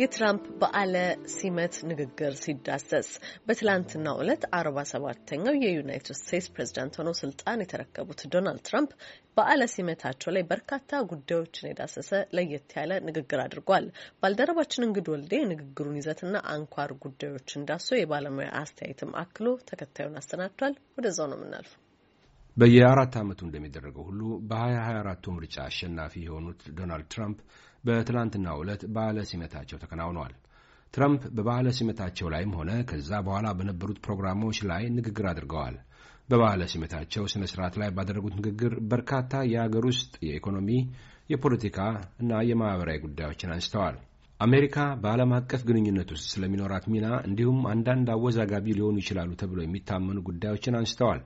የትራምፕ በዓለ ሲመት ንግግር ሲዳሰስ በትላንትናው ዕለት አርባ ሰባተኛው የዩናይትድ ስቴትስ ፕሬዝዳንት ሆነው ስልጣን የተረከቡት ዶናልድ ትራምፕ በዓለ ሲመታቸው ላይ በርካታ ጉዳዮችን የዳሰሰ ለየት ያለ ንግግር አድርጓል። ባልደረባችን እንግድ ወልዴ የንግግሩን ይዘትና አንኳር ጉዳዮችን ዳሶ የባለሙያ አስተያየትም አክሎ ተከታዩን አሰናድቷል። ወደዛው ነው የምናልፈው። በየአራት ዓመቱ እንደሚደረገው ሁሉ በ 2024 ምርጫ አሸናፊ የሆኑት ዶናልድ ትራምፕ በትላንትናው ዕለት በዓለ ሲመታቸው ተከናውነዋል። ትራምፕ በባለ ሲመታቸው ላይም ሆነ ከዛ በኋላ በነበሩት ፕሮግራሞች ላይ ንግግር አድርገዋል። በባህለ ሲመታቸው ስነ ስርዓት ላይ ባደረጉት ንግግር በርካታ የአገር ውስጥ የኢኮኖሚ፣ የፖለቲካ እና የማኅበራዊ ጉዳዮችን አንስተዋል። አሜሪካ በዓለም አቀፍ ግንኙነት ውስጥ ስለሚኖራት ሚና እንዲሁም አንዳንድ አወዛጋቢ ሊሆኑ ይችላሉ ተብሎ የሚታመኑ ጉዳዮችን አንስተዋል።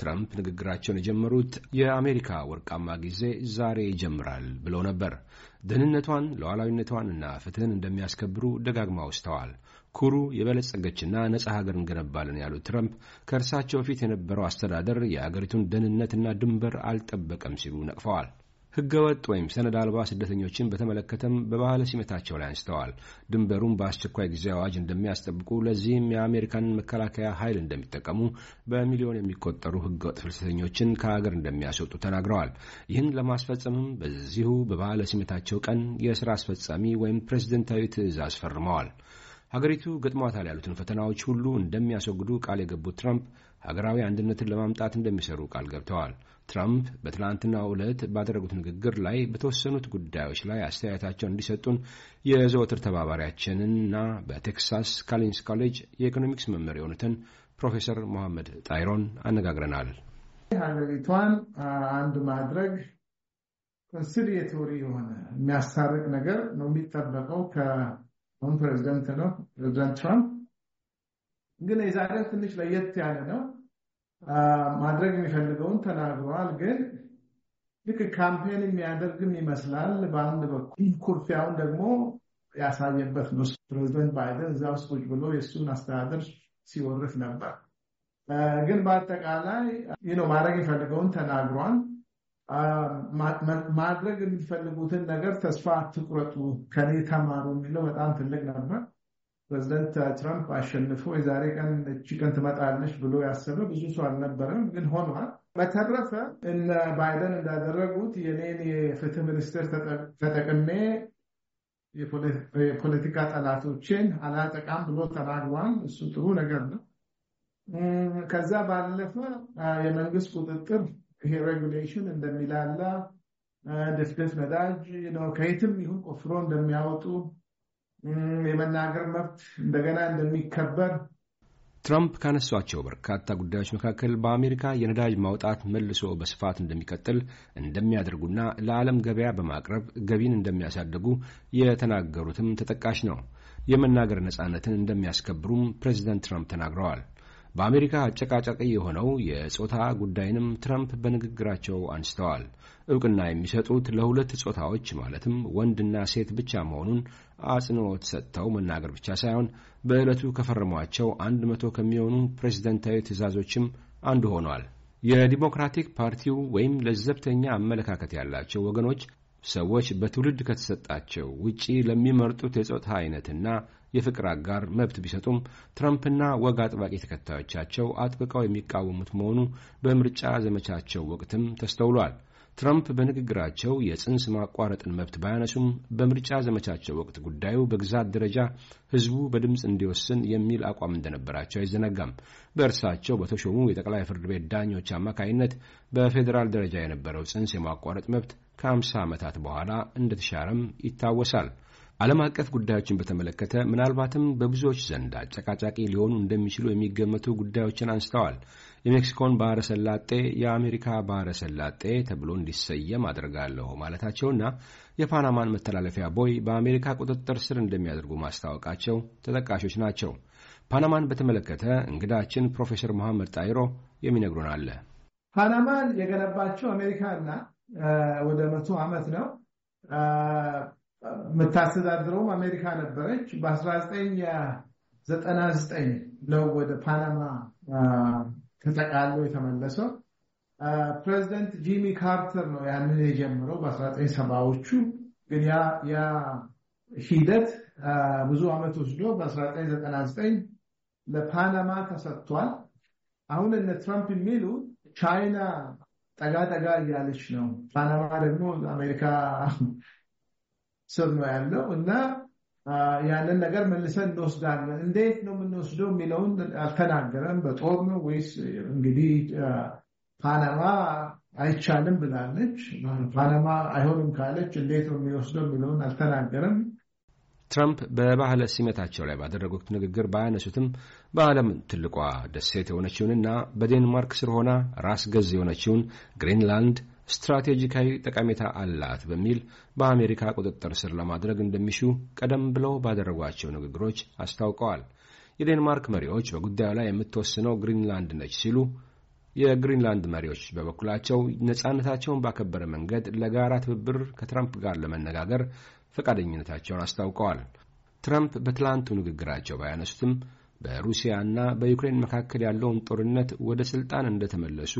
ትራምፕ ንግግራቸውን የጀመሩት የአሜሪካ ወርቃማ ጊዜ ዛሬ ይጀምራል ብለው ነበር። ደህንነቷን፣ ሉዓላዊነቷን እና ፍትህን እንደሚያስከብሩ ደጋግማ አውስተዋል። ኩሩ የበለጸገችና ነጻ ሀገር እንገነባለን ያሉት ትረምፕ ከእርሳቸው በፊት የነበረው አስተዳደር የአገሪቱን ደህንነትና ድንበር አልጠበቀም ሲሉ ነቅፈዋል። ህገወጥ ወይም ሰነድ አልባ ስደተኞችን በተመለከተም በባህለ ሲመታቸው ላይ አንስተዋል። ድንበሩን በአስቸኳይ ጊዜ አዋጅ እንደሚያስጠብቁ፣ ለዚህም የአሜሪካን መከላከያ ኃይል እንደሚጠቀሙ፣ በሚሊዮን የሚቆጠሩ ህገወጥ ፍልሰተኞችን ከሀገር እንደሚያስወጡ ተናግረዋል። ይህን ለማስፈጸምም በዚሁ በባህለ ሲመታቸው ቀን የስራ አስፈጻሚ ወይም ፕሬዝደንታዊ ትዕዛዝ ፈርመዋል። ሀገሪቱ ገጥሟታል ያሉትን ፈተናዎች ሁሉ እንደሚያስወግዱ ቃል የገቡት ትራምፕ ሀገራዊ አንድነትን ለማምጣት እንደሚሰሩ ቃል ገብተዋል። ትራምፕ በትናንትናው ዕለት ባደረጉት ንግግር ላይ በተወሰኑት ጉዳዮች ላይ አስተያየታቸውን እንዲሰጡን የዘወትር ተባባሪያችንና በቴክሳስ ካሊንስ ኮሌጅ የኢኮኖሚክስ መምህር የሆኑትን ፕሮፌሰር መሐመድ ጣይሮን አነጋግረናል። ሀገሪቷን አንድ ማድረግ ኮንሲሊየቶሪ የሆነ የሚያስታርቅ ነገር ነው የሚጠበቀው አሁን ፕሬዚደንት ነው ፕሬዚደንት ትራምፕ ግን የዛሬው ትንሽ ለየት ያለ ነው። ማድረግ የሚፈልገውን ተናግሯል። ግን ልክ ካምፔን የሚያደርግም ይመስላል በአንድ በኩል ኩርፊያውን ደግሞ ያሳየበት ነው። ፕሬዚደንት ባይደን እዛ ውስጥ ቁጭ ብሎ የእሱን አስተዳደር ሲወርፍ ነበር። ግን በአጠቃላይ ማድረግ የሚፈልገውን ተናግሯል። ማድረግ የሚፈልጉትን ነገር ተስፋ አትቁረጡ፣ ከኔ ተማሩ የሚለው በጣም ትልቅ ነበር። ፕሬዚደንት ትራምፕ አሸንፎ የዛሬ ቀን እቺ ቀን ትመጣለች ብሎ ያሰበ ብዙ ሰው አልነበረም፣ ግን ሆኗል። በተረፈ እነ ባይደን እንዳደረጉት የኔን የፍትህ ሚኒስቴር ተጠቅሜ የፖለቲካ ጠላቶችን አላጠቃም ብሎ ተናግሯል። እሱ ጥሩ ነገር ነው። ከዛ ባለፈ የመንግስት ቁጥጥር ይሄ ሬጉሌሽን እንደሚላላ ደስደስ ነዳጅ ከየትም ይሁን ቆፍሮ እንደሚያወጡ የመናገር መብት እንደገና እንደሚከበር ትራምፕ ካነሷቸው በርካታ ጉዳዮች መካከል በአሜሪካ የነዳጅ ማውጣት መልሶ በስፋት እንደሚቀጥል እንደሚያደርጉና ለዓለም ገበያ በማቅረብ ገቢን እንደሚያሳድጉ የተናገሩትም ተጠቃሽ ነው። የመናገር ነጻነትን እንደሚያስከብሩም ፕሬዚደንት ትራምፕ ተናግረዋል። በአሜሪካ አጨቃጫቂ የሆነው የጾታ ጉዳይንም ትራምፕ በንግግራቸው አንስተዋል። እውቅና የሚሰጡት ለሁለት ጾታዎች ማለትም ወንድና ሴት ብቻ መሆኑን አጽንኦት ሰጥተው መናገር ብቻ ሳይሆን በዕለቱ ከፈረሟቸው አንድ መቶ ከሚሆኑ ፕሬዝደንታዊ ትዕዛዞችም አንዱ ሆኗል። የዲሞክራቲክ ፓርቲው ወይም ለዘብተኛ አመለካከት ያላቸው ወገኖች ሰዎች በትውልድ ከተሰጣቸው ውጪ ለሚመርጡት የጾታ አይነትና የፍቅር አጋር መብት ቢሰጡም ትራምፕና ወግ አጥባቂ ተከታዮቻቸው አጥብቀው የሚቃወሙት መሆኑ በምርጫ ዘመቻቸው ወቅትም ተስተውሏል። ትራምፕ በንግግራቸው የጽንስ ማቋረጥን መብት ባያነሱም በምርጫ ዘመቻቸው ወቅት ጉዳዩ በግዛት ደረጃ ሕዝቡ በድምፅ እንዲወስን የሚል አቋም እንደነበራቸው አይዘነጋም። በእርሳቸው በተሾሙ የጠቅላይ ፍርድ ቤት ዳኞች አማካይነት በፌዴራል ደረጃ የነበረው ጽንስ የማቋረጥ መብት ከ50 ዓመታት በኋላ እንደተሻረም ይታወሳል። ዓለም አቀፍ ጉዳዮችን በተመለከተ ምናልባትም በብዙዎች ዘንድ አጨቃጫቂ ሊሆኑ እንደሚችሉ የሚገመቱ ጉዳዮችን አንስተዋል። የሜክሲኮን ባሕረ ሰላጤ የአሜሪካ ባሕረ ሰላጤ ተብሎ እንዲሰየም አድርጋለሁ ማለታቸውና የፓናማን መተላለፊያ ቦይ በአሜሪካ ቁጥጥር ስር እንደሚያደርጉ ማስታወቃቸው ተጠቃሾች ናቸው። ፓናማን በተመለከተ እንግዳችን ፕሮፌሰር መሐመድ ጣይሮ የሚነግሩን አለ። ፓናማን የገነባቸው አሜሪካና ወደ መቶ ዓመት ነው የምታስተዳድረውም አሜሪካ ነበረች። በ1999 ነው ወደ ፓናማ ተጠቃሎ የተመለሰው። ፕሬዚደንት ጂሚ ካርተር ነው ያንን የጀመረው በ1970ዎቹ። ግን ያ ሂደት ብዙ ዓመት ወስዶ በ1999 ለፓናማ ተሰጥቷል። አሁን እነ ትራምፕ የሚሉ ቻይና ጠጋ ጠጋ እያለች ነው። ፓናማ ደግሞ አሜሪካ ስር ነው ያለው እና ያንን ነገር መልሰን እንወስዳለን። እንዴት ነው የምንወስደው የሚለውን አልተናገረም። በጦር ነው ወይስ እንግዲህ ፓናማ አይቻልም ብላለች። ፓናማ አይሆንም ካለች እንዴት ነው የሚወስደው የሚለውን አልተናገረም። ትራምፕ በባህለ ሲመታቸው ላይ ባደረጉት ንግግር ባያነሱትም በዓለም ትልቋ ደሴት የሆነችውንና በዴንማርክ ስር ሆና ራስ ገዝ የሆነችውን ግሪንላንድ ስትራቴጂካዊ ጠቀሜታ አላት በሚል በአሜሪካ ቁጥጥር ስር ለማድረግ እንደሚሹ ቀደም ብለው ባደረጓቸው ንግግሮች አስታውቀዋል። የዴንማርክ መሪዎች በጉዳዩ ላይ የምትወስነው ግሪንላንድ ነች ሲሉ የግሪንላንድ መሪዎች በበኩላቸው ነፃነታቸውን ባከበረ መንገድ ለጋራ ትብብር ከትራምፕ ጋር ለመነጋገር ፈቃደኝነታቸውን አስታውቀዋል። ትራምፕ በትላንቱ ንግግራቸው ባያነሱትም በሩሲያና በዩክሬን መካከል ያለውን ጦርነት ወደ ሥልጣን እንደተመለሱ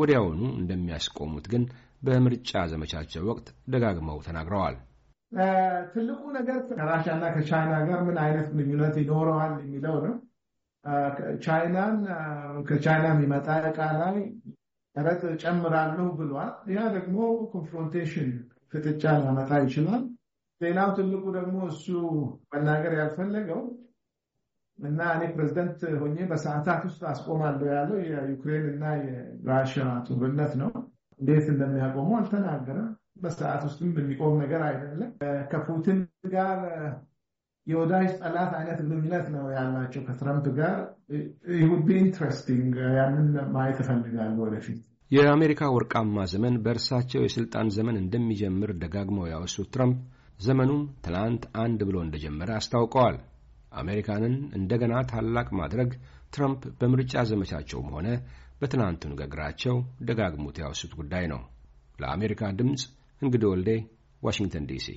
ወዲያውኑ እንደሚያስቆሙት ግን በምርጫ ዘመቻቸው ወቅት ደጋግመው ተናግረዋል። ትልቁ ነገር ከራሻና ከቻይና ጋር ምን አይነት ግንኙነት ይኖረዋል የሚለው ነው። ቻይናን ከቻይና የሚመጣ ዕቃ ላይ ቀረጥ ጨምራለሁ ብሏል። ያ ደግሞ ኮንፍሮንቴሽን ፍጥጫ ሊያመጣ ይችላል። ሌላው ትልቁ ደግሞ እሱ መናገር ያልፈለገው እና እኔ ፕሬዝደንት ሆኜ በሰዓታት ውስጥ አስቆማለሁ ያለው የዩክሬን እና የራሻ ጦርነት ነው። እንዴት እንደሚያቆሙ አልተናገረም። በሰዓት ውስጥም የሚቆም ነገር አይደለም። ከፑቲን ጋር የወዳጅ ጠላት አይነት ግንኙነት ነው ያላቸው ከትረምፕ ጋር። ይሁድ ኢንትረስቲንግ ያንን ማየት እፈልጋለሁ ወደፊት። የአሜሪካ ወርቃማ ዘመን በእርሳቸው የስልጣን ዘመን እንደሚጀምር ደጋግመው ያወሱት ትረምፕ ዘመኑን ትላንት አንድ ብሎ እንደጀመረ አስታውቀዋል። አሜሪካንን እንደገና ታላቅ ማድረግ ትራምፕ በምርጫ ዘመቻቸውም ሆነ በትናንቱ ንግግራቸው ደጋግሙት ያወሱት ጉዳይ ነው። ለአሜሪካ ድምፅ እንግዲህ ወልዴ ዋሽንግተን ዲሲ